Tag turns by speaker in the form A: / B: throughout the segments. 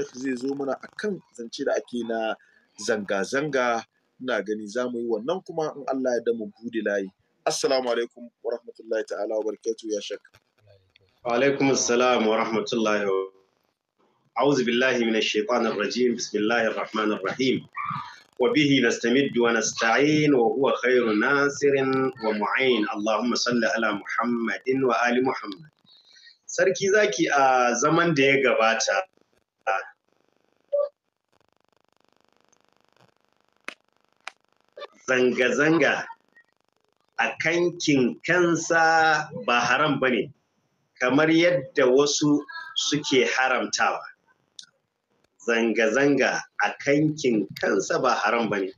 A: Sheikh zai zo mana a kan zance da ake na zanga-zanga ina gani za mu yi wannan kuma in Allah ya damu bude layi. Assalamu alaikum wa rahmatullahi ta'ala wa barakatu ya shak.
B: Wa alaikum assalam wa rahmatullahi wa a'udhu billahi minash shaitanir rajim bismillahir rahmanir rahim wa bihi nastamiddu wa nasta'in wa huwa khairun nasirin wa mu'in Allahumma salli ala Muhammadin wa ali Muhammad. Sarki zaki a zaman da ya gabata zanga-zanga a kankin kansa ba haram ba ne kamar yadda wasu suke haramtawa zanga-zanga a kankin kansa ba haram ba ne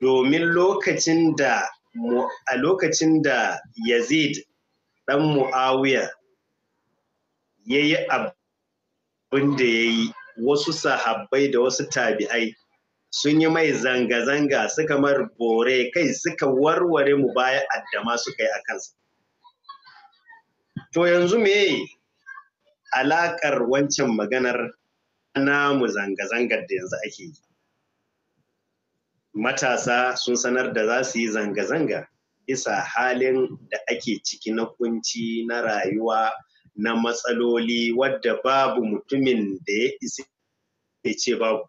B: domin lokacin da a lokacin da yazid ɗan mu'awiya ya yi abin da ya yi wasu sahabbai da wasu tabi'ai sun yi mai zanga-zanga suka mar bore kai suka warware mu baya addama suka yi a kansa to yanzu me alaƙar wancan maganar namu zanga-zangar da yanzu ake yi matasa sun sanar da za su yi zanga-zanga bisa halin da ake ciki na kunci na rayuwa na matsaloli wadda babu mutumin da ya isa ce babu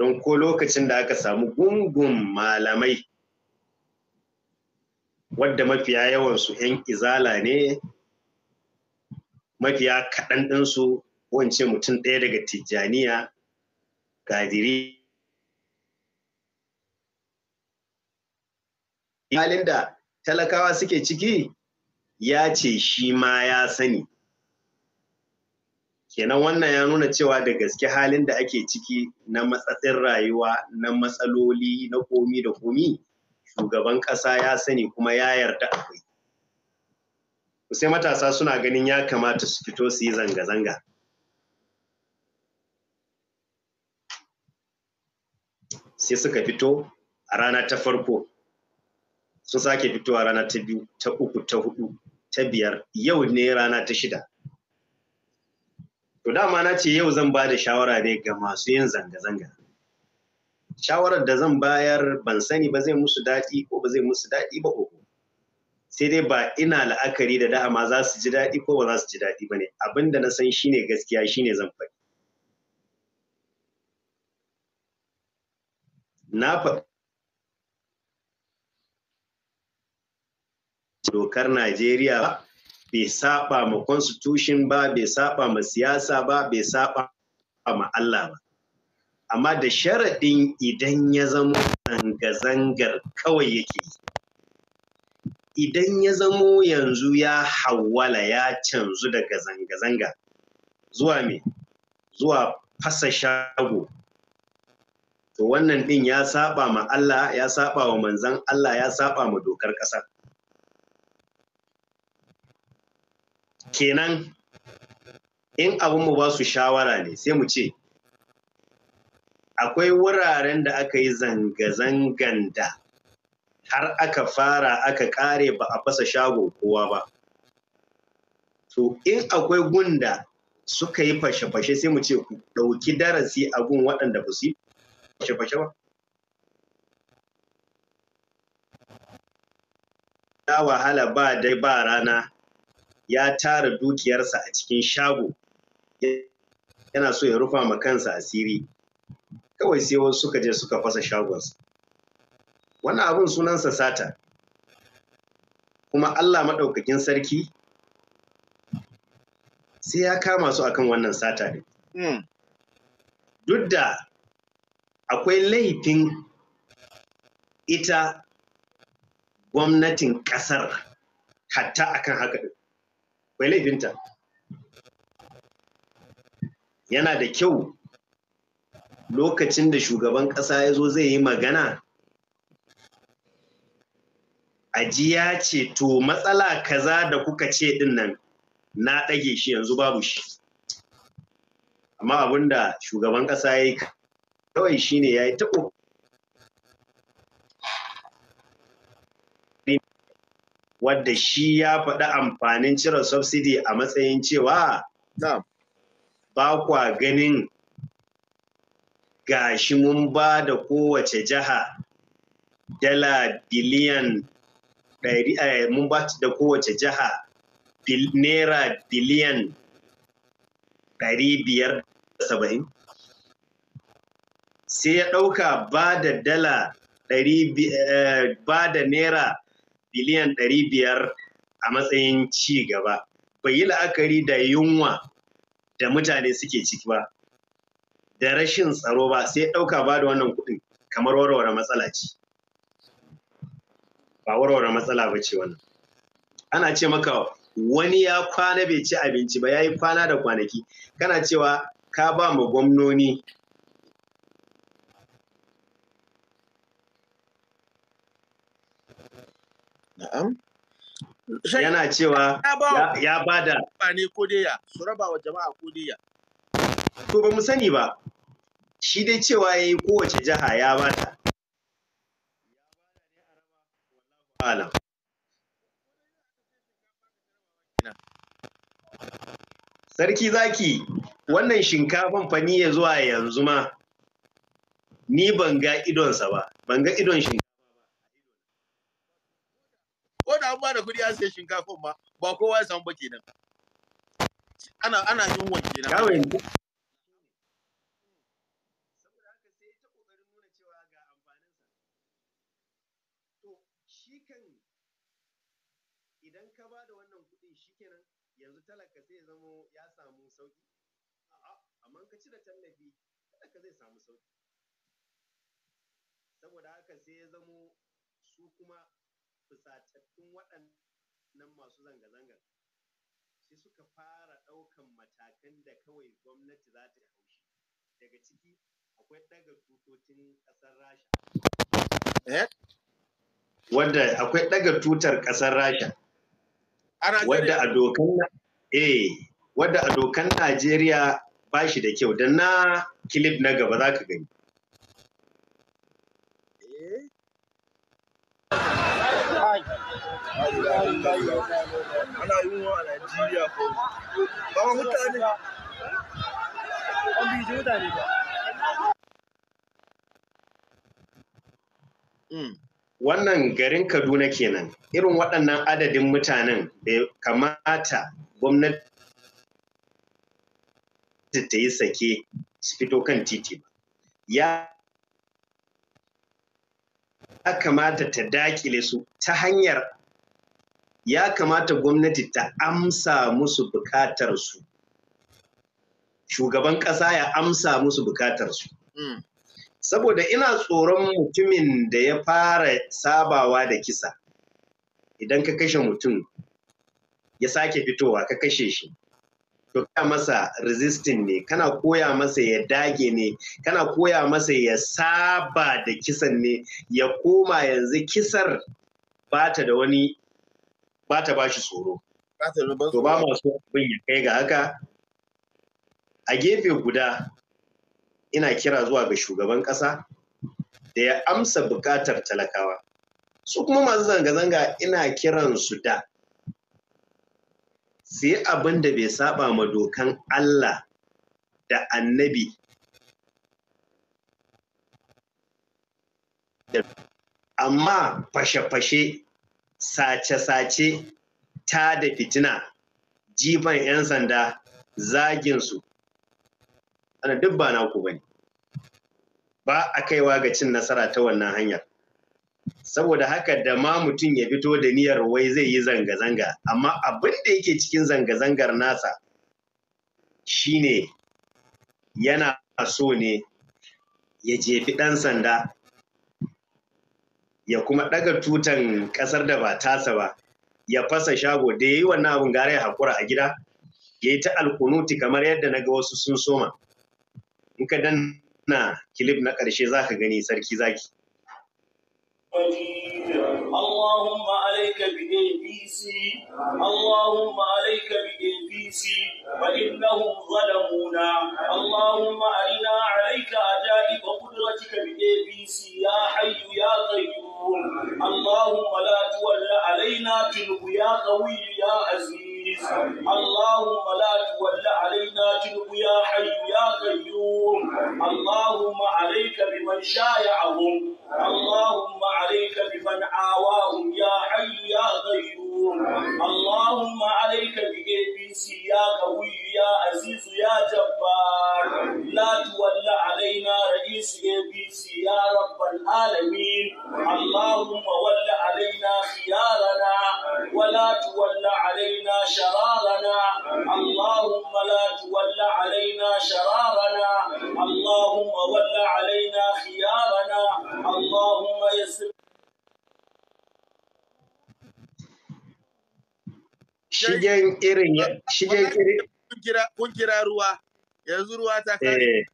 B: don ko lokacin da aka samu gungun malamai wadda mafiya yawansu 'yan izala ne mafiya kaɗan ɗinsu wance mutum ɗaya daga tijjaniya gadiri halin da talakawa suke ciki ya ce shi ma ya sani kenan wannan ya nuna cewa da gaske halin da ake ciki na matsatsin rayuwa na matsaloli na komi da komi shugaban ƙasa ya sani kuma ya yarda akwai sai matasa suna ganin ya kamata su fito su yi zanga-zanga sai suka fito a rana ta farko sun sake fito a rana ta biyu ta uku ta hudu ta biyar yau ne rana ta shida To dama na ce yau zan ba da shawara ne ga masu yin zanga-zanga. Shawarar da zan bayar ban sani ba zai musu daɗi ko ba zai musu daɗi ba ko sai dai ba ina la'akari da dama za su ji daɗi ko ba za su ji daɗi ba ne abin da na san shine gaskiya shine zan faɗi. Na faɗi dokar Najeriya ba. bai saba ma constitution ba bai saba ma siyasa ba bai saba ma Allah ba amma da sharaɗin idan ya zamo zanga-zangar kawai yake idan ya zamo yanzu ya hawala ya canzu daga zanga-zanga zuwa me zuwa fasa shago to wannan ɗin ya saba ma Allah ya saba wa manzan Allah ya saba ma dokar ƙasa kenan in abin mu ba su shawara ne sai mu ce akwai wuraren da aka yi zanga-zangan da har aka fara aka kare ba a fasa shago kowa ba to in akwai gunda suka yi fashe-fashe sai mu ce ku ɗauki darasi a gun waɗanda ba su yi fashe-fashe ba ya wahala ba dai ba rana ya tara dukiyarsa a cikin shago yana so ya rufa ma kansa asiri kawai sai wasu suka je suka fasa shagonsa wannan abin sunansa sata kuma Allah maɗaukakin sarki sai ya kama su akan wannan sata ne. Hmm. Duk da akwai laifin ita gwamnatin ƙasar hatta akan haka din akwai laifinta yana da kyau lokacin da shugaban ƙasa ya zo zai yi magana ajiya ce to matsala kaza da kuka ce din nan na ɗage shi yanzu babu shi amma abinda shugaban ƙasa ya yi kawai shine ya yi ta wadda shi ya faɗi amfanin cire subsidy a matsayin cewa ba kwa ganin gashi mun ba da kowace jiha dala biliyan eh, mun ba da kowace jiha naira biliyan ɗari biyar saba'in sai ya ɗauka ba da dala eh, ba da naira biliyan ɗari biyar a matsayin ci gaba bai yi la'akari da yunwa da mutane suke ciki ba da rashin tsaro ba sai ɗauka ba da wannan kuɗin kamar warware matsala ce ba warware matsala ba ce wannan ana ce maka wani ya kwana bai ci abinci ba ya yi kwana da kwanaki kana cewa ka ba mu gwamnoni
A: Na'am. Yana cewa ya bada. Ba ne ko dai ya, su raba wa jama'a ko dai ya. To ba mu sani
B: ba, shi dai cewa ya yi kowace jiha ya bata. Alam. Sarki zaki, wannan shinkafan fa ni ya zuwa yanzu ma, ni ban ga idonsa ba, ban ga idon shinkafa.
A: an bada kuɗi an sai shinkafa ma ba kowa ya samu ba kenan ana ana yunwa kenan yanzu
B: talaka zai zamo ya samu sauki amma ka da tallafi talaka zai samu sauki saboda haka sai ya zamo su kuma fusatattun waɗannan masu zanga-zangar sai suka fara ɗaukan matakan da kawai gwamnati za ta haushi daga ciki akwai ɗaga
A: tutocin ƙasar rasha eh?
B: wanda akwai ɗaga tutar ƙasar rasha wadda a dokan eh wadda a dokan najeriya ba shi da kyau da na kilif na gaba za ka gani Hmm. Wannan garin Kaduna kenan irin waɗannan adadin mutanen da kamata gwamnati ta yi sake su fito kan titi ba. Ya kamata ta dakile su ta hanyar ya kamata gwamnati ta amsa musu bukatarsu shugaban ƙasa ya amsa musu bukatarsu hmm. saboda ina tsoron mutumin da ya fara sabawa da kisa idan ka kashe mutum ya sake fitowa ka kashe shi to ka masa resisting ne kana koya masa ya dage ne kana koya masa ya saba da kisan ne ya koma yanzu kisar ba ta da wani ba ta ba shi tsoro to ba masu abin ya kai ga haka a gefe guda ina kira zuwa ga shugaban ƙasa da ya amsa buƙatar talakawa su kuma masu zanga-zanga ina kiran su da sai abin da bai saba ma dokan Allah da annabi amma fashe-fashe sace-sace ta da fitina jifan 'yan sanda zaginsu ana duk ba naku ba ne ba a kaiwa ga cin nasara ta wannan hanyar saboda haka da ma mutum ya fito da niyyar wai zai yi zanga-zanga amma abin da yake cikin zanga-zangar nasa shine yana so ne ya jefi ɗan sanda ya kuma ɗaga tutan ƙasar da ba tasa ba ya fasa shago da ya yi wannan abin gara ya haƙura a gida ya yi ta alkunuti kamar yadda na ga wasu sun soma in ka danna kilif na ƙarshe za ka gani sarki zaki
C: اللهم عليك بإي بي سي اللهم عليك بإي بي سي ظلمونا اللهم أرنا عليك عجائب قدرتك بإي يا حي يا قيوم اللهم لا تولى علينا جنوب يا قوي يا عزيز اللهم لا تولى علينا جنوب يا حي يا قيوم اللهم عليك بمن شايعهم اللهم عليك بمن عاواهم يا حي يا قيوم اللهم عليك بإي سي يا قوي ya azizu ya jabbar la tuwalla alaina rais abc ya rabbal alamin allahumma walla alaina khiyarana wa la tuwalla Shigen
A: irin ya, shigen irin. kun kira ruwa yanzu ruwa ta kare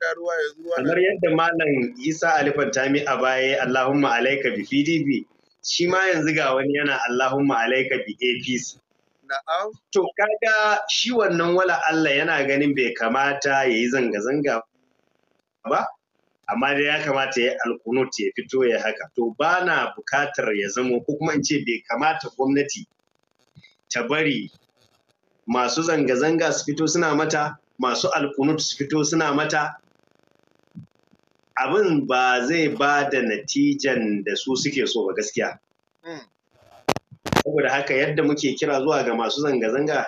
A: kamar yadda malam isa
B: tami a baya allahumma alaika bi pdp shi ma yanzu ga wani yana allahumma alaika bi apc to kaga shi wannan wala allah yana ganin bai kamata ya yi zanga-zanga ba amma dai ya kamata ya alkunut ya fito ya haka to ba na bukatar ya zamo ko kuma in ce bai kamata gwamnati ta bari masu zanga-zanga su fito suna mata masu alkunut su fito suna mata abin ba zai ba da natijan da su suke so ba gaskiya hmm. saboda haka yadda muke kira zuwa ga masu zanga-zanga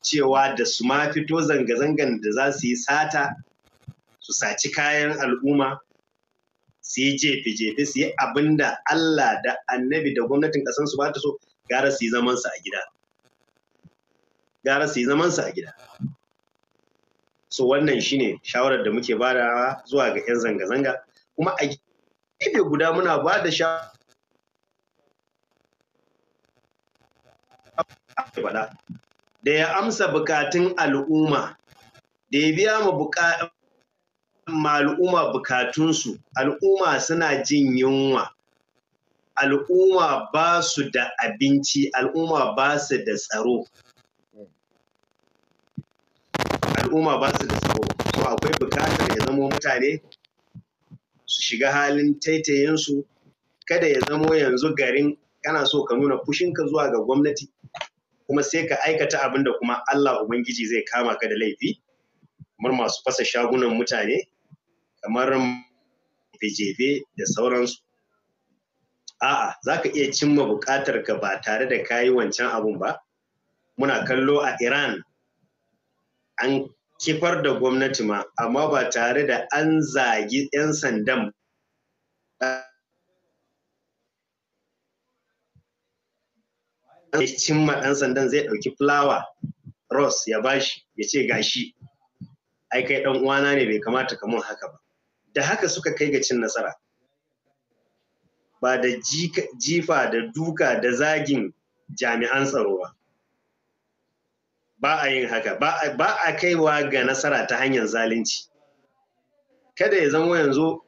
B: cewa da su ma fito zanga-zangan da za su yi sata su saci kayan al'umma su yi jefe-jefe su yi abin da Allah da annabi da gwamnatin ƙasar su ba ta so gara su yi zamansu a gida gara su yi zamansu a gida so wannan shine shawarar da muke da zuwa ga 'yan zanga-zanga kuma a gefe guda muna ba da shawarar da ya amsa bukatun al'umma da ya biya ma amma al'umma bukatunsu al'umma suna jin yunwa al'umma ba su da abinci al'umma ba su da tsaro al'umma ba su da tsaro so akwai bukatar ya zamo mutane su shiga halin taitayinsu kada ya zamo yanzu garin kana so ka nuna fushinka zuwa ga gwamnati kuma sai ka aikata abin da kuma Allah Ubangiji zai kama ka da laifi kamar masu fasa shagunan mutane kamar jefe da sauransu a'a za ka iya cimma buƙatar ka ba tare da kayi wancan abun ba muna kallo a iran an kifar da gwamnati ma amma ba tare da an zagi 'yan sandan cimma ɗan sandan zai ɗauki fulawa ross ya bashi ya ce gashi ai kai ɗan uwana ne bai kamata ka mun haka ba da haka suka kai ga cin nasara ba da jifa da duka da zagin jami'an tsaro ba ba a yin haka ba a kaiwa ga nasara ta hanyar zalunci kada ya zama yanzu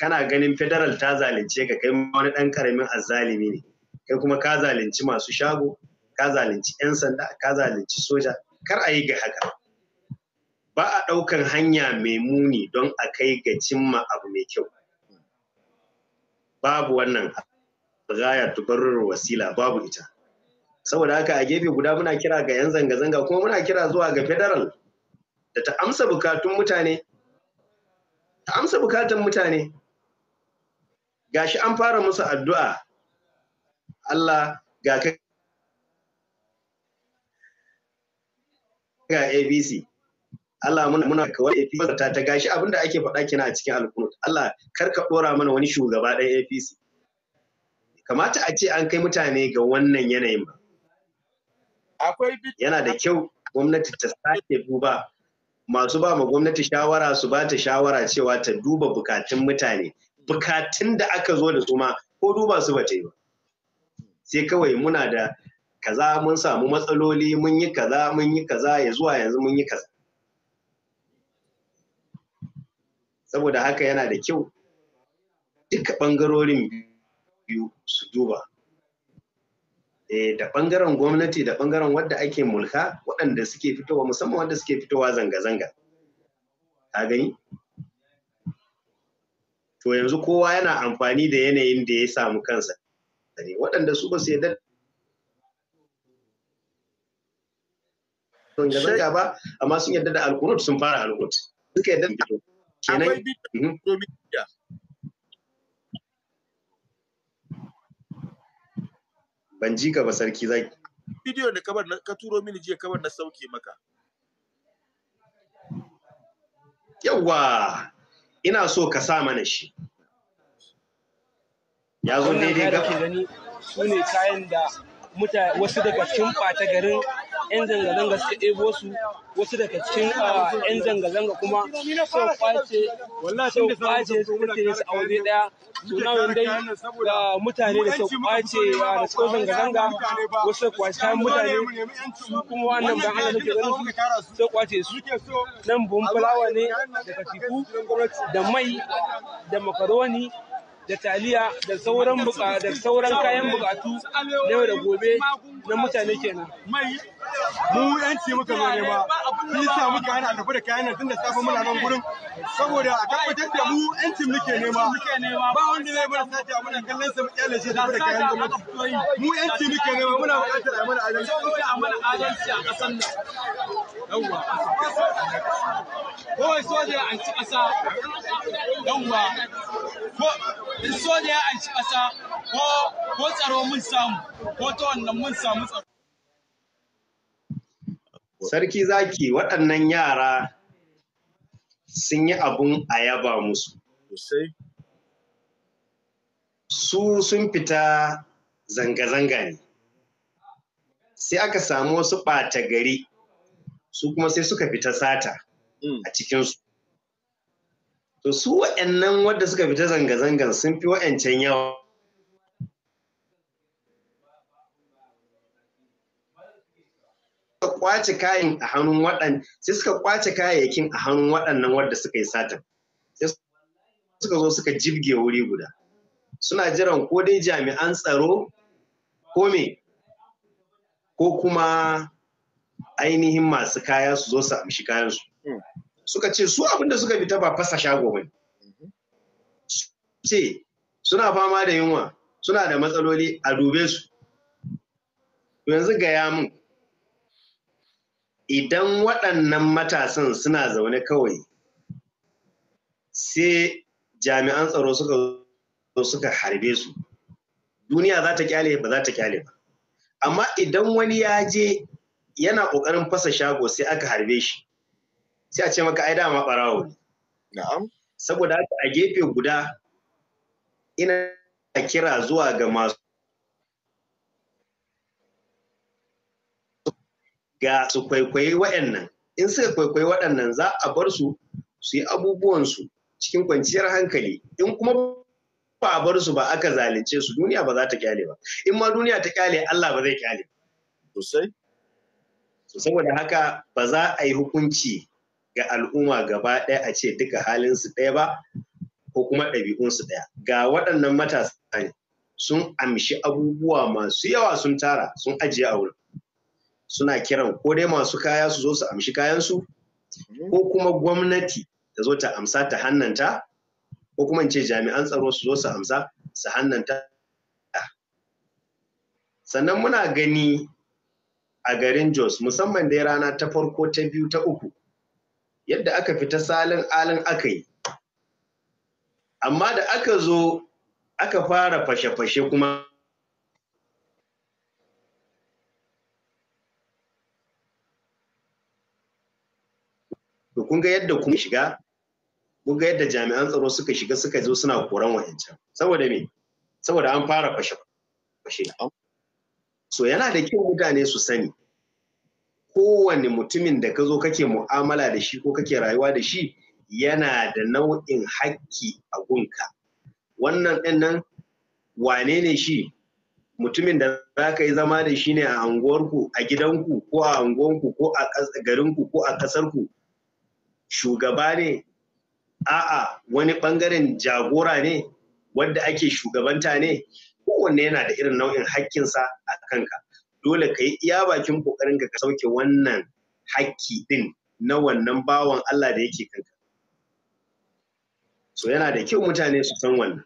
B: kana ganin federal ta zalunce ka kai wani ɗan karamin azzalimi ne kai kuma ka zalunci masu shago ka zalunci 'yan sanda ka zalunci soja kar a yi ga haka ba a ɗaukan hanya mai muni don a kai ga cimma abu mai kyau babu wannan gaya tubarar wasila babu ita saboda haka a gefe guda muna kira ga 'yan zanga-zanga kuma muna kira zuwa ga federal da ta amsa bukatun mutane ta amsa bukatun mutane gashi an fara musu addu'a Allah ga ka ga ABC Allah muna muna kawar APC ta ta gashi abinda ake faɗa kina a cikin alkunut Allah kar ka dora mana wani shugaba ɗan APC kamata a ce an kai mutane ga wannan yanayin ba akwai yana da kyau gwamnati ta sake duba masu ba ma gwamnati shawara su ba ta shawara cewa ta duba bukatun mutane bukatun da aka zo da su ma ko duba su ba ta yi ba sai kawai muna da kaza mun samu matsaloli mun yi kaza mun yi kaza ya zuwa yanzu mun yi kaza saboda haka yana da kyau duka ɓangarorin biyu su duba eh, da ɓangaren gwamnati da ɓangaren wadda ake mulka waɗanda suke fitowa musamman wadda suke fitowa zanga-zanga ka gani to yanzu kowa yana amfani da yanayin da ya samu kansa waɗanda su ba su yadda zanga-zanga ba amma sun yadda da alkunut sun fara alkunut suka yadda da akwai bid'a mhm. domin ban ji ka ba sarki zaki
A: bidiyo da kabar ka turo mini jiya kabar na sauke maka
B: yawa ina so ka sa mana shi ya
D: zo daidai gaba su ne kayan da wasu daga cikin ɓata garin 'yan zanga-zanga suka ɗebo su wasu daga cikin ah, 'yan zanga-zanga kuma so kwace so kwace su mutane su a waje ɗaya suna wanda ga mutane da so kwace ah, da so zanga-zanga wasu kwace kayan mutane
C: su kuma wannan ban Allah suke ganin su
D: so kwace su nan buhun fulawa ne
C: da katifu da mai
D: da makaroni da taliya da sauran da sauran kayan bukatu na yau da gobe na mutane kenan
A: mu yanci muka zo ne ba shi sa muka hana tafi da kayan tun da safe muna nan gurin saboda a tabbatar da mu yanci muke nema
C: ba wanda zai mana sace a muna kallon sa mu kyale shi tafi da kayan gwamnati mu yanci muke nema muna bukatar a mana adalci a mana adalci a ƙasar nan yawwa soja an ci ƙasa yawwa ko soja an ci kasa ko tsaro mun samu ko ta wannan mun samu tsaro
B: Sarki zaki waɗannan yara sun yi abun a yaba musu. Su sun fita zanga-zanga ne. Sai aka samu wasu ɓata gari, su kuma sai suka fita sata mm. a cikinsu. To su waɗannan wadda suka fita zanga-zangan sun fi waɗancan yawa. kwace kayan a hannun waɗan sai suka kwace kayayyakin a hannun waɗannan wadda suka yi satin sai suka zo suka jibge wuri guda suna jiran ko dai jami'an tsaro ko me ko kuma ainihin masu kaya su zo su amshi kayansu suka ce su abinda suka fita ba fasa shago bane ce suna fama da yunwa suna da matsaloli a dube su yanzu gaya min idan waɗannan matasan suna zaune kawai sai jami'an tsaro suka suka harbe su duniya za ta kyale ba za ta kyale ba amma idan wani ya je yana ƙoƙarin fasa shago sai aka harbe shi sai a ce maka ai dama ɓarawo ne na'am saboda a gefe guda ina kira zuwa ga masu ga su kwaikwayi waɗannan in suka kwaikwayi waɗannan za a bar su su yi abubuwansu cikin kwanciyar hankali in kuma ba a bar su ba aka zalunce su duniya ba za ta kyale ba in ma duniya ta kyale Allah ba zai kyale sosai saboda haka ba za a yi hukunci ga al'umma gaba ɗaya a ce duka halin su ɗaya ba ko kuma ɗabi'un su ɗaya ga waɗannan matasa sun amshi abubuwa masu yawa sun tara sun ajiye a wurin suna kiran ko dai masu kaya su zo su amshi kayansu ko kuma gwamnati ta zo ta amsa ta hannanta ko kuma ce jami'an tsaro su zo su amsa su hannanta sannan muna gani a garin jos musamman dai rana ta farko ta biyu ta uku yadda aka fita salin alin aka yi amma da aka zo aka fara fashe-fashe kuma kun ga yadda kun shiga kun ga yadda jami'an tsaro suka shiga suka zo suna koran wayancan saboda me saboda an fara fashe fashe so yana da kyau mutane su sani kowane mutumin da ka zo kake mu'amala da shi ko kake rayuwa da shi yana da nau'in hakki a gunka wannan ɗin nan wane ne shi mutumin da za ka yi zama da shi ne a anguwarku a gidanku ko a anguwanku ko a garinku ko a ƙasarku shugaba ne a'a wani bangaren jagora ne wanda ake shugabanta ne kowanne yana da irin nau'in hakkinsa a kanka dole ka yi iya bakin kokarin ka sauke wannan hakki din na wannan bawan Allah da yake kanka so yana da kyau mutane su san wannan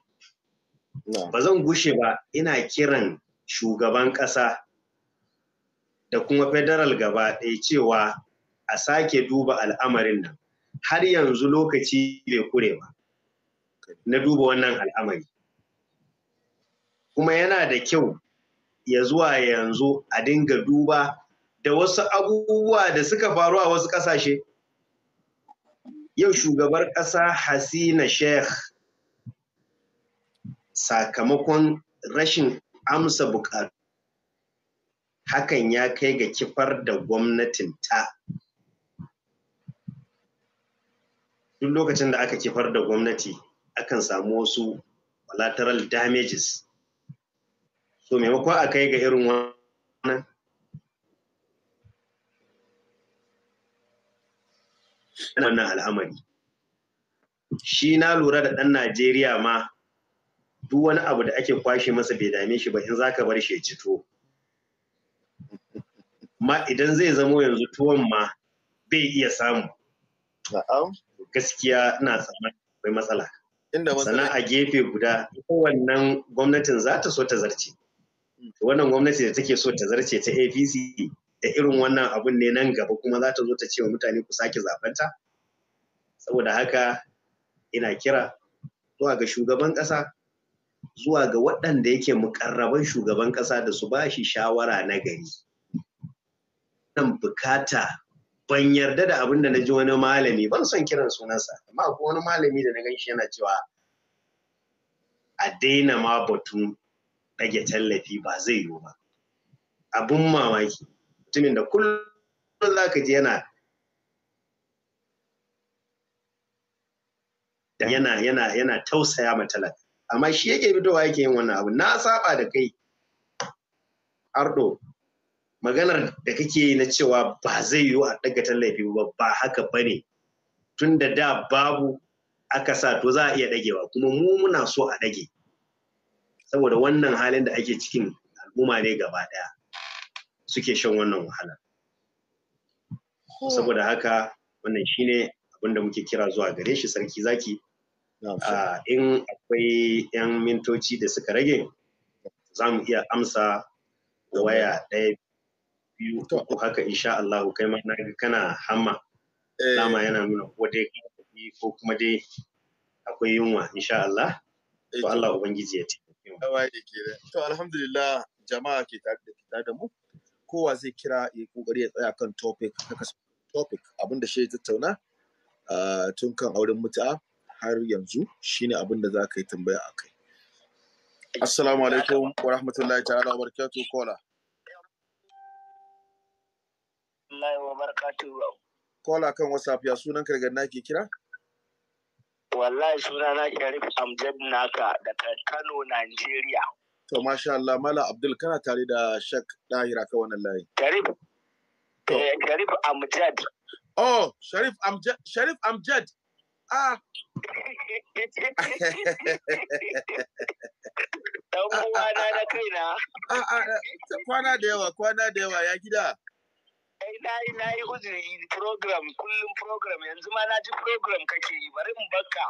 B: ba zan gushe ba ina kiran shugaban ƙasa da kuma federal gaba ɗaya cewa a sake duba al'amarin nan har yanzu lokaci bai kurewa na duba wannan al'amari kuma yana da kyau ya zuwa yanzu a dinga duba da wasu abubuwa da suka faru a wasu ƙasashe yau shugabar ƙasa hasina sheikh sakamakon rashin amsa buƙatu hakan ya kai ga kifar da gwamnatin ta duk lokacin da aka kifar da gwamnati akan samu wasu lateral damages so maimakon a kai ga irin wannan wannan al'amari shi na lura da ɗan najeriya ma duk wani abu da ake kwashe masa bai dame shi ba in za ka bar shi ya ci tuwo ma idan zai zamo yanzu tuwon ma bai iya samu gaskiya ina tsammanin akwai matsala sannan a gefe guda wannan gwamnatin za ta so ta zarce wannan gwamnati da take so ta zarce ta apc da irin wannan abun ne nan gaba kuma za ta zo ta ce wa mutane ku sake zabanta saboda haka ina kira zuwa ga shugaban ƙasa zuwa ga waɗanda yake mukarraban shugaban ƙasa da su ba shi shawara na gari. Nan bukata ban yarda da abin da na ji wani malami ban
E: son kiran sunansa amma akwai wani malami da na gan shi yana cewa
B: a daina ma batun ɗage tallafi ba zai yiwu ba abun mamaki mutumin da kullum za ka ji yana yana tausaya ma amma shi yake fitowa yake yin wannan abu na saba da kai ardo maganar da kake yi na cewa ba zai yiwu a ɗaga tallafi ba ba haka ba ne tun da da babu aka sa to za a iya ɗagewa kuma mu muna so a ɗage saboda wannan halin da ake cikin al'umma ne gaba ɗaya suke shan wannan wahala saboda haka wannan shine ne abinda muke kira zuwa gare shi sarki zaki ah, in akwai 'yan mintoci da suka rage za mu iya amsa waya ɗaya biyu uku haka insha Allah kai ma na ga kana hamma eh. dama yana nuna ko dai ko kuma dai akwai yunwa insha Allah
A: eh, to Allah ubangiji ya taimaka to alhamdulillah jama'a ke tare da fita da mu kowa zai kira ya kokari ya tsaya kan topic haka topic abinda shi ya tattauna ah, tun kan auren mutu'a har yanzu shine abinda za ka yi tambaya akai assalamu alaikum wa rahmatullahi ta'ala wa barakatuh kola
B: rahmatullahi wa barakatuhu.
A: Kola kan WhatsApp ya sunan ka daga ke kira?
B: Wallahi suna na Sharif Amjad Naka daga Kano, Najeriya.
A: To masha Allah Mala Abdul kana tare da Shek Dahira ka wannan layi. Sharif eh, Sharif Amjad. Oh, Sharif Amjad Sharif Amjad. Ah.
C: Ɗan uwana na kaina.
A: Ah ah, ah kwana da yawa kwana da yawa ya gida.
C: na yi uzuri program kullum
B: program yanzu ma na ji program kake yi bari in baka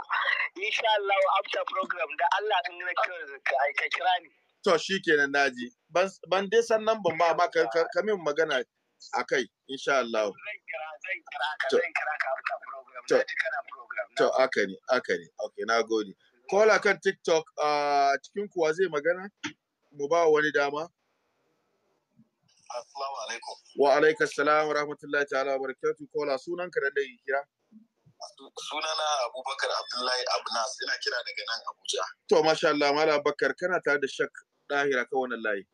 B: insha Allah after program da Allah kan gina ka kira ni
A: to shikenan naji ban dai sannan ban ba ma ka min magana akai insha Allah zan
E: kira zan kira ka zan kira ka after
A: program na ji kana program to haka ne haka ne okay nagode kola kan tiktok a ah, cikin kuwa zai magana mu ba wani dama Assalamu alaikum. Wa alaikum salam wa rahmatullahi ta'ala wa barakatuh. Kola sunan ka da yi kira? Sunana Abubakar Abdullahi Abnas ina kira daga nan Abuja. To masha Allah Mala Bakar, kana tare da shak dahira ka wannan layi.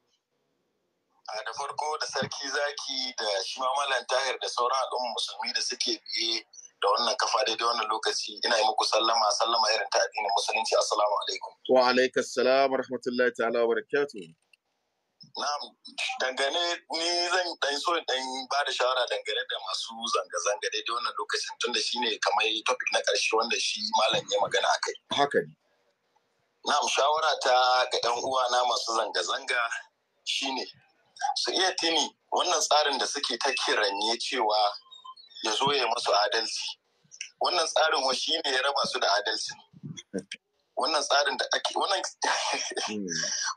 A: A da farko da sarki zaki da shi ma Malam Tahir da sauran al'umma musulmi da suke biye da wannan kafa daidai wannan lokaci ina yi muku sallama sallama irin ta addinin musulunci assalamu alaikum. Wa alaikum salam wa rahmatullahi ta'ala wa barakatuh. Na'am, dangane ni zan dan so dan ba da shawara dangane da masu zanga-zanga daidai wannan lokacin tunda shine kamar topic na karshe wanda shi malam ya magana akai. Haka ne. Na'am, shawara ta ga ɗan uwa na masu zanga-zanga shine su iya tuni wannan tsarin da suke ta kiranye cewa ya zo ya masu adalci. Wannan tsarin wa shine ya raba su da adalci. wannan tsarin da ake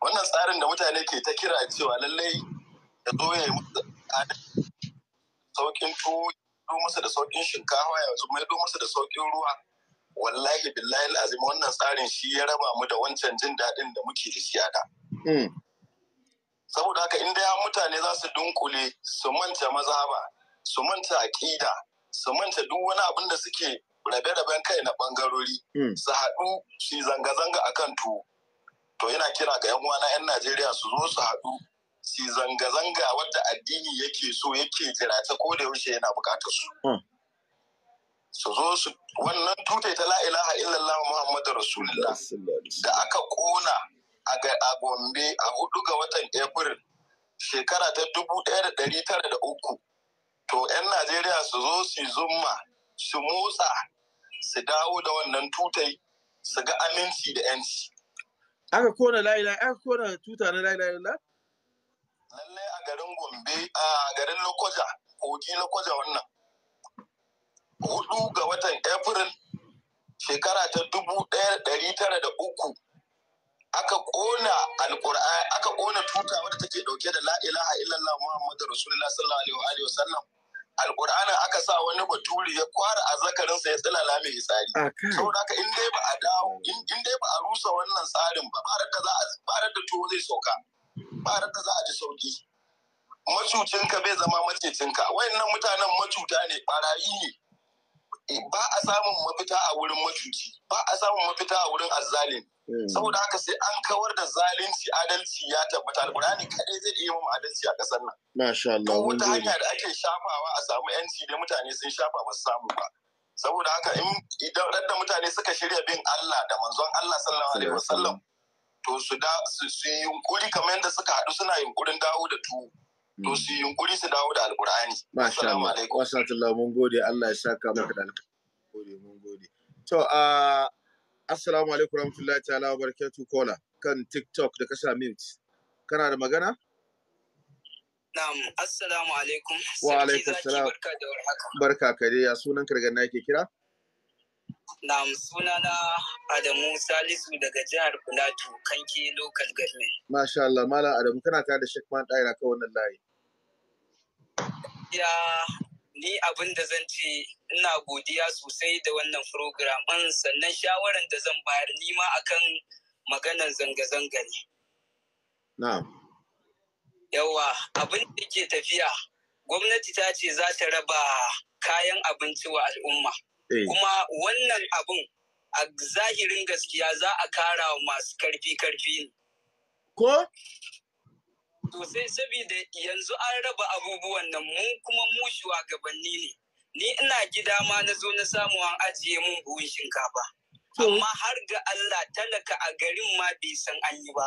A: wannan tsarin da mutane ke ta kira cewa lallai
C: ya zo ya yi saukin tuwo masa da saukin shinkafa
A: yanzu maido masa da saukin ruwa wallahi billahi azim wannan tsarin shi ya raba mu da wancan jin daɗin da muke da shi hmm. Saboda haka inda ya mutane za su dunkule su manta mazaba su manta aƙida, su manta duk wani abin da suke rabe-raben kai na bangarori hmm. su haɗu su zanga-zanga akan tuwo to yana kira ga 'yan uwana 'yan najeriya su zo su haɗu su zanga-zanga wadda addini yake so yake jira ta ko da yaushe yana buƙatar su hmm. su zo su wannan tutai ta la'ilaha illallah muhammadu rasulullah da aka kona a gombe a hudu ga watan april shekara ta dubu ɗaya da ɗari tara da uku to 'yan najeriya su zo su zumma su motsa su dawo da wannan tutai su ga aminci da yanci. Aka kona layila, aka kona tuta na layila yalla? Lallai a garin Gombe, a garin Lokoja, kogi Lokoja wannan. Hudu ga watan April shekara ta dubu ɗaya ɗari tara da uku aka kona alƙur'ani aka kona tuta wadda take ɗauke da la'ila ha'ilallah illallah muhammadu rasulullah sallallahu alaihi wa sallam Alƙur'ana aka sa wani baturi ya kwara a zakarinsa ya tsilala mai tsari saboda haka in dai ba a dawo in dai ba a rusa wannan tsarin ba ba da za a ba da tuwo zai sauka ba da za a ji sauki macucinka bai zama macecinka wayannan mutanen macuta ne barayi ne ba a samun mafita a wurin macuci ba a samun mafita a wurin azzalin Hmm. saboda haka sai an kawar da zalunci adalci ya tabbata alkurani kadai zai iya mu adalci a kasar nan masha Allah mun wata hanya da ake shafawa a samu yanci da mutane sun shafa ba su samu ba saboda haka in idan da mutane suka shirya bin Allah da manzon Allah sallallahu alaihi wasallam to su da su yunkuri kamar yadda suka haɗu suna yunkurin dawo da tu to hmm. su yunkuri su dawo da alkurani masha Allah wasallallahu mun gode Allah ya saka maka da alkurani mun gode to a ah, Assalamu alaikum warahmatullahi ta'ala wa barakatuh kola kan TikTok da kasa mute. Kana da magana?
D: Na'am, assalamu alaikum. Wa alaikum salam. Barka da warhaka. Barka
A: ka dai ya sunan kargan na yake kira?
D: Na'am, sunana Adamu Salisu daga jihar Plateau, Kanke local government.
A: Masha Allah, Malam Adamu kana tare da Sheikh Man Daira ka wannan layi.
D: Ya ni abin da zan ce ina godiya sosai da wannan program sannan shawaran da zan bayar ni ma akan maganar zanga-zanga ne. Na'am. Yawa abin da ke tafiya gwamnati ta ce za ta raba kayan abinci wa al'umma. Eh. Kuma wannan abin a zahirin gaskiya za a kara masu karfi-karfi ne. Ko? To sai saboda yanzu an raba abubuwan nan mu kuma mu shugabanni ne. Ni ina gida ma na zo na samu an ajiye mun buhun shinkafa. Amma har ga Allah talaka a
A: garin ma bai san an yi ba.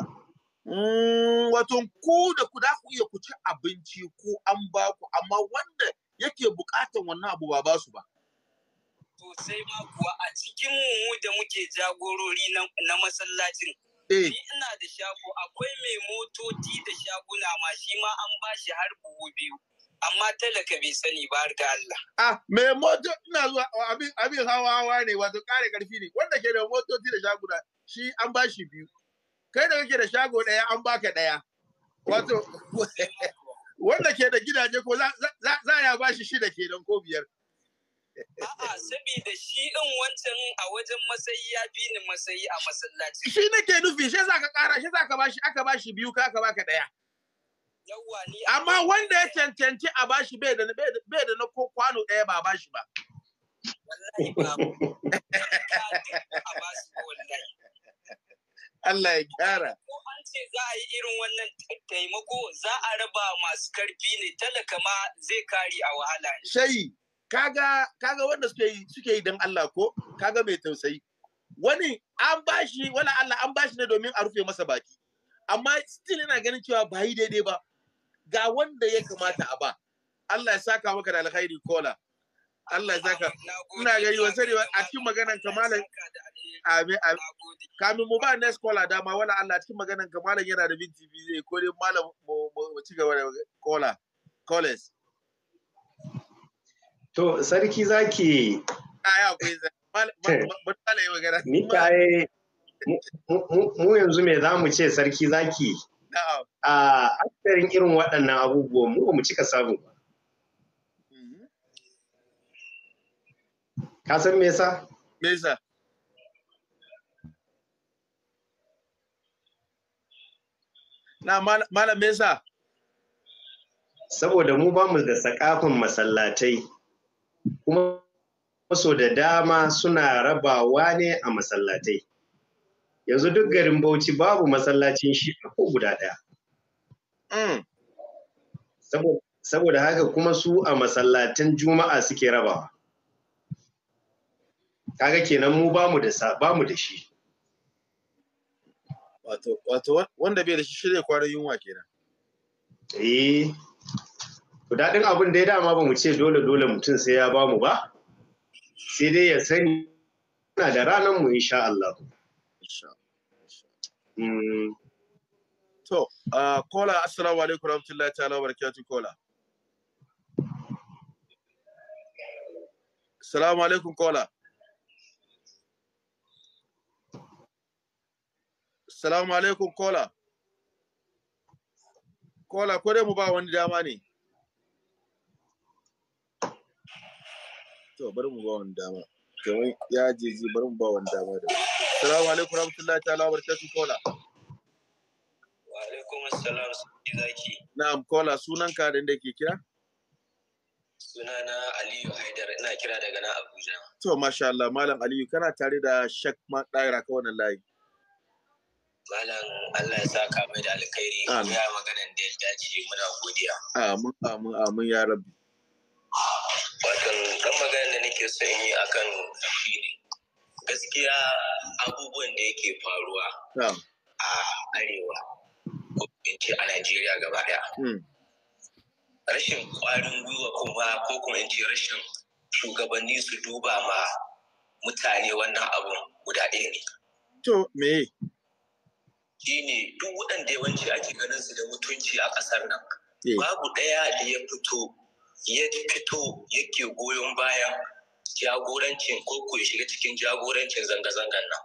A: Mm, wato ku da ku da ku iya ku ci abinci ko an ba ku amma wanda yake bukatan wannan abu ba basu ba.
D: Sosai ma kuwa a cikin mu da muke jagorori na masallacin Eh. ina da shago akwai mai motoci da shaguna ma shi ma an ba shi har buhu biyu amma talaka bai sani ba har ga Allah.
A: Ah, mai moto ina zuwa abin hawa hawa ne wato kare karfi ne wanda ke da motoci da shaguna shi an ba shi biyu. Kai da kake da shago ɗaya an baka ɗaya. Wato wanda ke da gidaje ko za ya ba shi shida kenan ko biyar. A'a,
D: saboda shi ɗin wancan a wajen matsayi ya fi ni matsayi a masallaci. Shi
A: nake nufi, shi za ka ƙara, shi za ka bashi, aka bashi biyu, ka aka baka ɗaya. Yawwa ni. Amma wanda ya cancanci a bashi bai da bai da na kwano ɗaya ba bashi ba. Wallahi babu. A Allah ya gyara.
D: Ko an ce za a yi irin wannan taimako za a raba masu karfi ne talaka ma zai kari a wahala.
A: Shayi. kaga kaga wanda suke yi suke yi dan Allah ko kaga mai tausayi wani an bashi wala Allah an bashi ne domin a rufe masa baki amma still yana ganin cewa ba yi daidai ba ga wanda ya kamata a ba Allah ya saka maka da alkhairi kola Allah ya saka ina gari wa sarewa a cikin maganan kamalan amin kamin mu ba next kola dama wala Allah a cikin maganan kamalan yana da minti biyu zai kore malam mu ci gaba da kola koles To sarki zaki. Ni ka
B: mu yanzu me za mu ce sarki zaki. A aksarin irin waɗannan
A: abubuwan mu mu cika samu mm-hmm. Ka san me yasa? Me yasa? Na malam me yasa?
B: Saboda mu ba mu da sakafin masallatai. kuma so da dama suna rabawa ne a masallatai yanzu duk garin bauchi babu masallacin shi a ko guda ɗaya mm. saboda haka kuma su a masallatan juma'a suke rabawa
A: kaga kenan mu bamu da bamu da shi wato wanda bai da shi shirya kwarar yunwa kenan eh
B: to daɗin abin da ya dama ba mu ce dole dole mutum sai ya bamu ba
A: sai dai ya sani na da ranar mu insha Allah mm. to kola uh, assalamu alaikum rahmatullahi ta'ala barakatuh kola assalamu alaikum kola assalamu alaikum kola kola ko dai mu ba wani dama ne to bari mu ba wani dama kamar ya jeji bari mu ba wani dama da salamu alaikum rahmatullahi ta'ala barakatuh kola wa alaikum assalam zaki na'am kola sunan ka da inda ke kira
D: sunana aliyu haidar ina kira daga nan
A: abuja to masha Allah malam aliyu kana tare da shak ma daira ka wannan layi
E: Malam Allah ya saka mai da alkhairi ya maganan da ya dace muna godiya.
A: Amin amin amin ya rabbi.
E: watan dan magana da nake son yi akan shi ne gaskiya abubuwan da yake faruwa a arewa ko ce a najeriya gaba daya hmm. rashin kwarin gwiwa kuma ko kuma in rashin shugabanni su duba ma mutane wannan abun guda ɗaya ne to me shi duk waɗanda yawanci ake ganin su da mutunci a ƙasar nan eh. babu ɗaya da ya fito ya fito yake goyon bayan jagorancin ko ya shiga cikin jagorancin zanga-zangan nan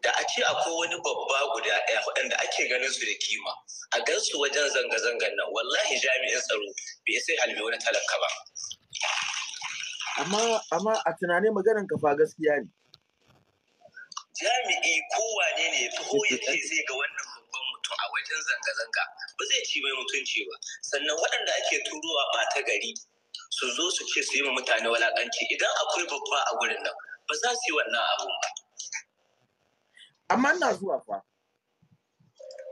E: da a ce akwai wani babba guda ɗaya waɗanda ake ganin su da kima a gansu wajen zanga-zangan nan wallahi jami'in tsaro bai sai halbe wani talaka ba
A: amma a tunanin maganan kafa gaskiya ne
E: jami'i kowane ne ya taho ya ce zai ga wannan mutum a wajen zanga-zanga
C: ba zai ci mai mutunci ba sannan waɗanda
D: ake turowa ba ta gari su
E: zo su ce su yi mutane walakanci idan akwai babba a gurin nan ba za su yi wannan abun ba.
A: Amma na zuwa fa.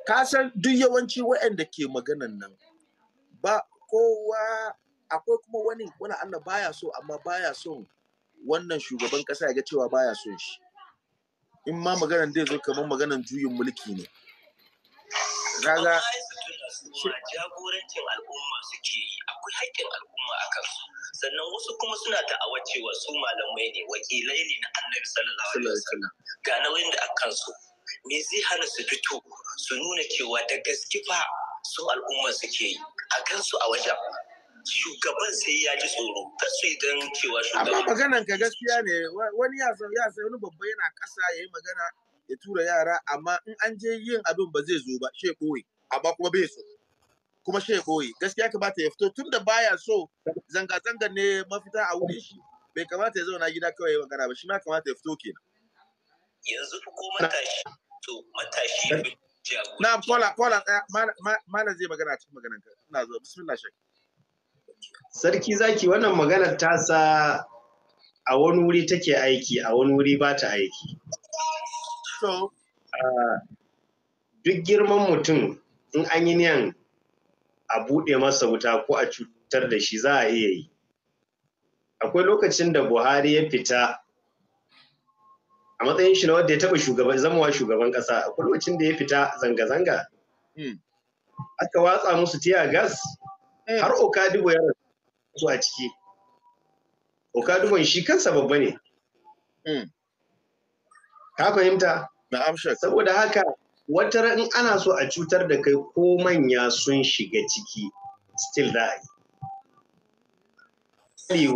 A: Ka san duk yawanci waɗanda ke maganan nan ba kowa akwai kuma wani wani Allah baya so amma baya son wannan shugaban kasa ya ga cewa baya son shi. In ma maganan zai zo kamar maganan juyin mulki ne. kaga jagorancin al'umma suke yi akwai haƙƙin al'umma a kansu sannan wasu kuma suna ta'awa cewa su malamai ne wakilai ne na annabi sallallahu alaihi wasallam ga nauyin da akan su me zai hana su fito su nuna cewa da gaskifa sun su al'umma suke yi a kansu a wajen shugaban sai ya ji tsoro yi don cewa shugaban maganan ka gaskiya ne wani ya san wani babba yana ƙasa ya yi magana ya tura yara amma in an je yin abin ba zai zo ba she koyi amma kuma bai so kuma she koyi gaskiya kamata ya fito tunda baya so zanga zanga ne mafita a wurin shi bai kamata ya zauna gida kawai magana ba shi ma kamata ya fito kenan yanzu ko matashi to matashi na kola kola malam zai magana cikin maganar ka ina zo bismillah shek sarki zaki wannan maganar
B: tasa a wani wuri take aiki a wani wuri ba ta aiki so ah, duk girman mutum in an yi niyan a buɗe masa wuta ko a cutar da shi za a iya yi akwai lokacin da buhari ya fita a matsayin shi na wanda ya taɓa shugaban zamawa shugaban ƙasa akwai lokacin da ya fita zanga-zanga hmm. aka watsa musu tiya gas hmm. har Okadigo ya rasu a ciki okadibon shi kansa babba ne hmm. ka fahimta saboda haka wata in ana so a cutar da kai ko manya sun shiga ciki
A: still da yi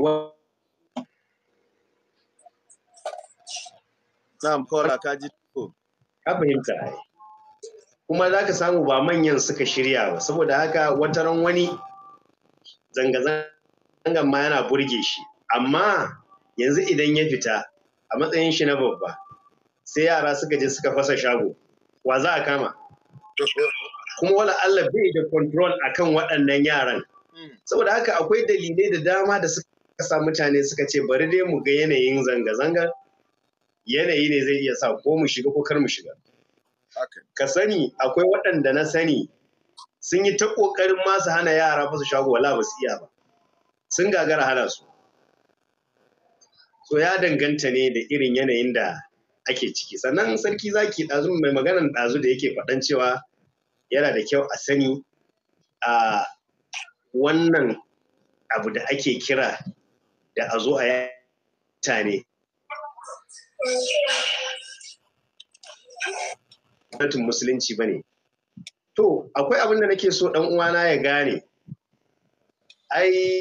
B: kuma za ka samu ba manyan suka shirya ba saboda haka ran wani zanga zanga ma yana burge shi amma yanzu idan ya fita a matsayin shi na babba sai yara suka je suka fasa shago wa za a kama kuma wala Allah bai da control akan waɗannan yaran saboda haka akwai dalilai da dama da suka sa mutane suka ce bari dai mu ga yanayin zanga-zangar yanayi ne zai iya sa ko mu shiga ko kar mu shiga ka sani akwai waɗanda na sani sun yi ta ƙoƙarin masu hana yara fasa shago wala ba su iya ba sun gagara hana su so ya danganta ne da irin yanayin da ake ciki sannan sarki zaki ɗazu mai maganan ɗazu da yake faɗan cewa yana da kyau a sani a wannan abu da ake kira da a zo a mutane gwamnatin musulunci ba ne to akwai abin da nake so ɗan uwana ya gane ai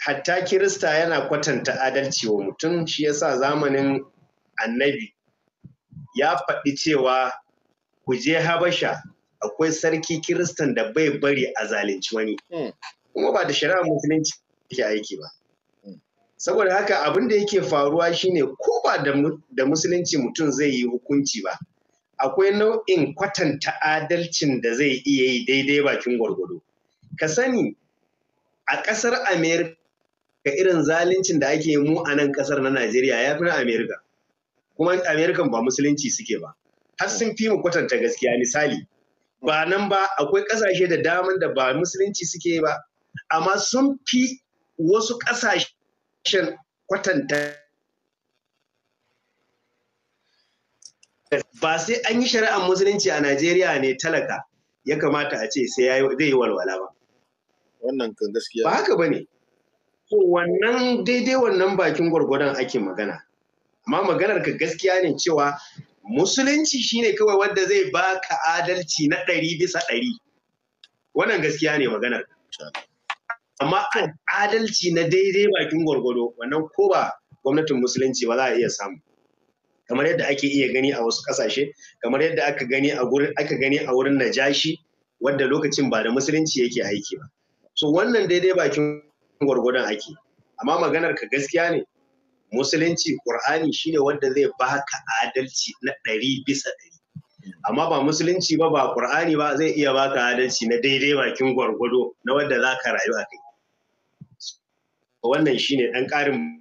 B: hatta kirista yana kwatanta adalci wa mutum shi yasa zamanin annabi ya faɗi cewa ku je habasha akwai sarki kiristan da bai bari a zalunci wani hmm. kuma ba da shari'a musulunci ke aiki ba hmm. saboda haka abin da yake faruwa shine ko ba da musulunci mutum zai yi hukunci ba akwai nau'in kwatanta adalcin da zai iya yi daidai bakin gwargwado ka sani a ƙasar america ga irin zaluncin da ake mu a nan kasar na Najeriya ya fi na Amerika. Kuma Amerikan ba musulunci suke ba. Har sun fi mu kwatanta gaskiya misali. Ba nan ba akwai ƙasashe da daman da ba musulunci suke ba. Amma sun fi wasu ƙasashen kwatanta ba sai an yi shari'ar musulunci a Najeriya ne talaka ya kamata a ce sai zai yi walwala ba. Wannan kan gaskiya. Ba haka ba ne. wannan daidai wannan bakin gwargwadon ake magana amma maganar ka gaskiya ne cewa musulunci shine kawai wanda zai baka adalci na ɗari bisa ɗari wannan gaskiya ne maganar amma adalci na daidai bakin gwargwado wannan ko ba gwamnatin musulunci ba za a iya samu kamar yadda ake iya gani a wasu ƙasashe kamar yadda aka gani a gurin aka gani a wurin najashi wadda lokacin ba da musulunci yake aiki ba so wannan daidai bakin gwargwadon ake amma maganar ka gaskiya ne musulunci qur'ani shine wanda zai baka adalci na ɗari bisa ɗari amma ba musulunci ba ba qur'ani ba zai iya baka adalci na daidai bakin gwargwado na wanda za ka rayu a kai wannan shine ɗan ƙarin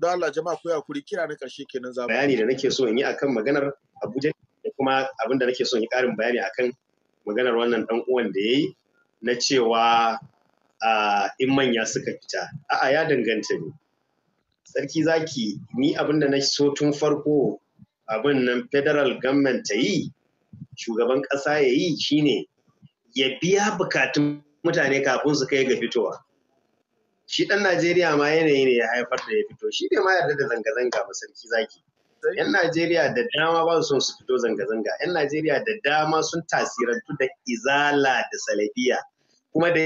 A: don Allah jama'a ku hakuri kira na ƙarshe kenan za bayani da nake so in yi
B: akan maganar Abuja da kuma abin da nake so in yi ƙarin bayani akan maganar wannan dan uwan da yayi na cewa a in manya suka fita a'a ya danganta ne sarki zaki ni abin da na so tun farko abin nan federal government ta yi shugaban ƙasa ya yi shine ya biya bukatun mutane kafin su kai ga fitowa shi ɗan najeriya ma yanayi ne ya haifar da ya fito shi ne ma yarda da zanga-zanga ba sarki zaki yan najeriya da dama ba su su fito zanga-zanga yan najeriya da dama sun tasirantu da izala da salafiya kuma da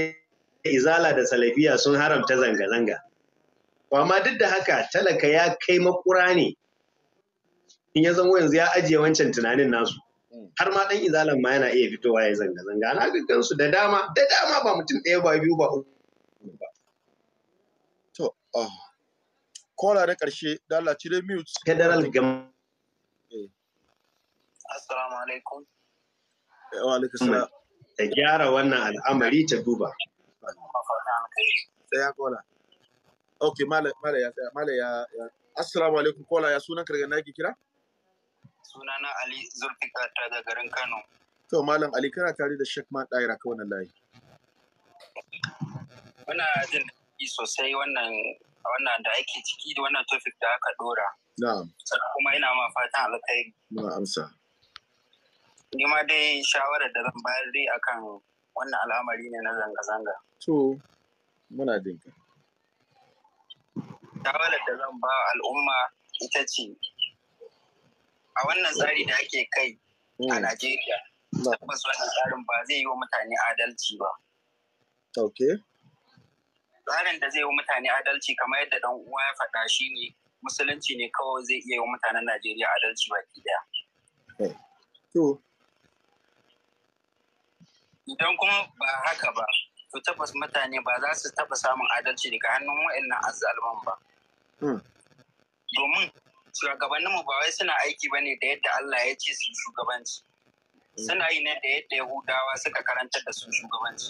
B: izala da salafiya sun haramta zanga-zanga amma duk da haka talaka ya kai makura ne in ya zama yanzu ya ajiye wancan tunanin nasu har ma dan izalan ma yana iya fitowa ya zanga-zanga
A: na gaggan su da dama da dama ba mutum ɗaya ba biyu ba uku ba to ah, kola da ƙarshe dala cire mute federal gam eh. assalamu alaikum eh, wa alaikum
B: ta gyara wannan al'amari ta duba
A: Tsaya kola. Ok, mala ya tsaya, ya Assalamu alaikum kola ya sunan karga na ke kira?
E: Sunana Ali Zulfikar ta da garin Kano.
A: To malam Ali kana tare da Sheikh ma Daira ka wannan layi.
E: Muna jin daɗi sosai wannan wannan da ake ciki da wannan topic da aka dora. Na'am. kuma ina ma fatan alkhairi. Muna amsa. Ni ma dai shawarar da zan bayar dai akan wannan al'amari ne na zanga-zanga.
A: To, muna ka.
E: Shawarar da zan ba al'umma ita ce, a wannan tsari da ake kai a hmm. Najeriya, tabbas wannan tsarin ba zai yi wa mutane adalci ba. Tsarin da zai yi wa mutane adalci kamar yadda ɗan uwa ya faɗa shi ne, musulunci ne kawai zai iya yi wa mutanen Najeriya adalci baki ɗaya. To, idan kuma ba haka ba to tabbas mutane ba za su taba samun adalci daga hannun wa'annan azzaluman ba hmm. domin shugabannin mu ba wai suna aiki ba ne da yadda Allah ya ce su shugabanci hmm. suna yi ne da yadda yahudawa suka karantar da su shugabanci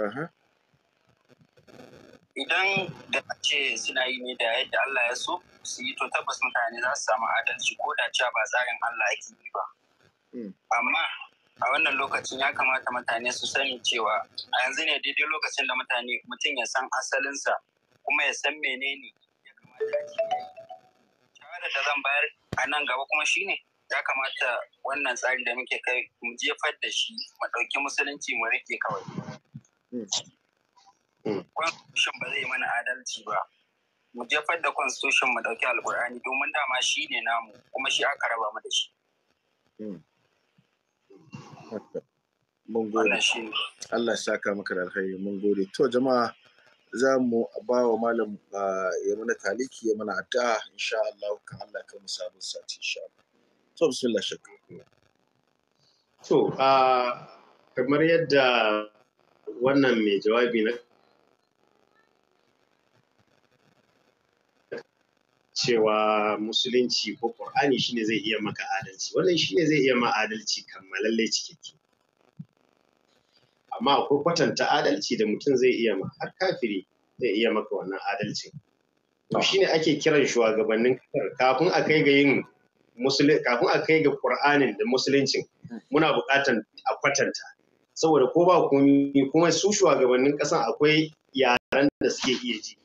E: uh-huh. idan da ce suna yi ne da yadda Allah ya so su yi to tabbas mutane za su samu adalci ko da cewa ba tsarin Allah yake yi ba hmm. amma a wannan lokacin ya kamata mutane su sani cewa a yanzu ne daidai lokacin da mutane mutum ya san asalinsa kuma ya san menene ya kamata shawarar da zan bayar a nan gaba kuma shine ya kamata wannan tsari da muke kai mu jefar da shi mu ɗauki musulunci mu rike kawai mm. Mm. constitution ba zai mana adalci ba mu jefar da constitution mu ɗauki Alƙur'ani domin dama shi ne namu kuma shi aka raba mu da shi
A: mm. mun gode Allah saka maka da alkhairi mun gode to jama'a za mu ba wa malam ya mana taliki ya mana addu'a insha Allah ka Allah ka sati insha Allah to bismillah shakka
B: to a kamar yadda wannan mai jawabi na cewa musulunci ko shi ne zai iya maka adalci wannan shi ne zai iya ma adalci kammalalle cikakke amma akwai kwatanta adalci da mutum zai iya ma har kafiri zai iya maka wannan adalcin to shi ne ake kiran shugabannin kasar kafin a kai ga yin musulun kafin a kai ga qur'anin da musuluncin muna buƙatan a kwatanta saboda ko ba komi kuma su shugabannin ƙasan akwai yaran da suke iya ji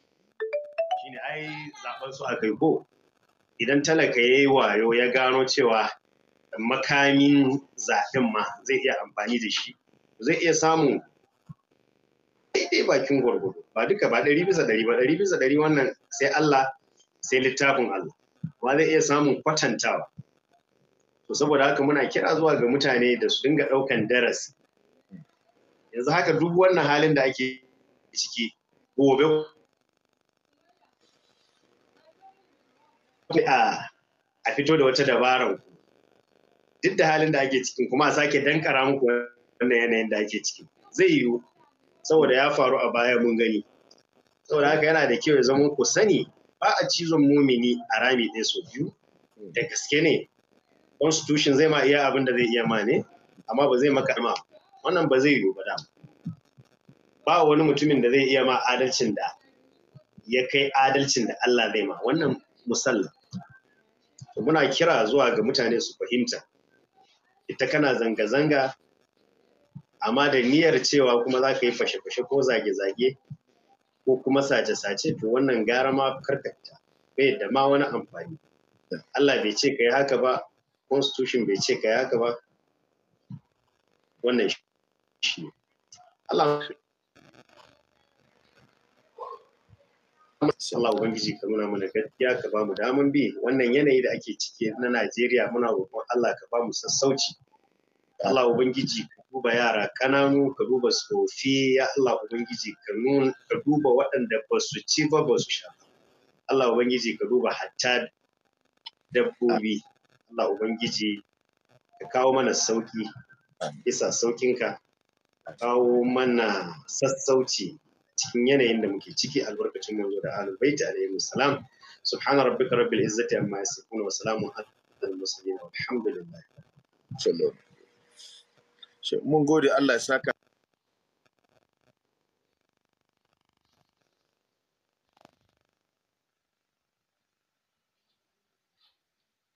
B: shine ai zaben su kai ko idan talaka ya yi wayo ya gano cewa makamin zafin ma zai iya amfani da shi zai iya samu daidai bakin gwargwado ba duka ba ɗari bisa ɗari ba ɗari bisa ɗari wannan sai Allah sai littafin Allah ba zai iya samun kwatantawa to saboda haka muna kira zuwa ga mutane da su dinga ɗaukan darasi yanzu haka duk wannan halin da ake ciki gobe a a fito da wata dabarar duk da halin da ake cikin kuma a sake dankara muku wannan yanayin da ake ciki zai yiwu saboda ya faru a baya mun gani saboda haka yana da kyau ya zama ku sani ba a cizon mumini a rami ɗaya sau biyu da gaske ne constitution zai ma iya abin da zai iya ma ne amma ba zai maka ma wannan ba zai yiwu ba da ba wani mutumin da zai iya ma adalcin da ya kai adalcin da Allah zai ma wannan musalla muna kira zuwa ga mutane su fahimta ita kana zanga-zanga amma da niyyar cewa kuma za ka yi fashe-fashe ko zage-zage ko kuma sace-sace to wannan gara ma karkata bai da ma wani amfani Allah bai ce ka yi haka ba constitution bai ce ka yi haka ba wannan shi Allah Allah Ubangiji ka nuna mana gaskiya ka bamu daman bi wannan yanayi da ake ciki na Najeriya muna roƙon Allah ka bamu sassauci Allah Ubangiji ka duba yara kananu ka duba tsofi ya Allah Ubangiji ka nuna ka duba waɗanda ba su ci ba ba su sha Allah Ubangiji ka duba hatta dabbobi Allah Ubangiji ka kawo mana sauki bisa saukinka ka kawo mana sassauci cikin yanayin da muke ciki albarkacin manzo da ahlul bait alaihi salam subhana rabbika rabbil izzati amma yasifun wa salamun alal
A: mursalin walhamdulillah mun gode Allah ya saka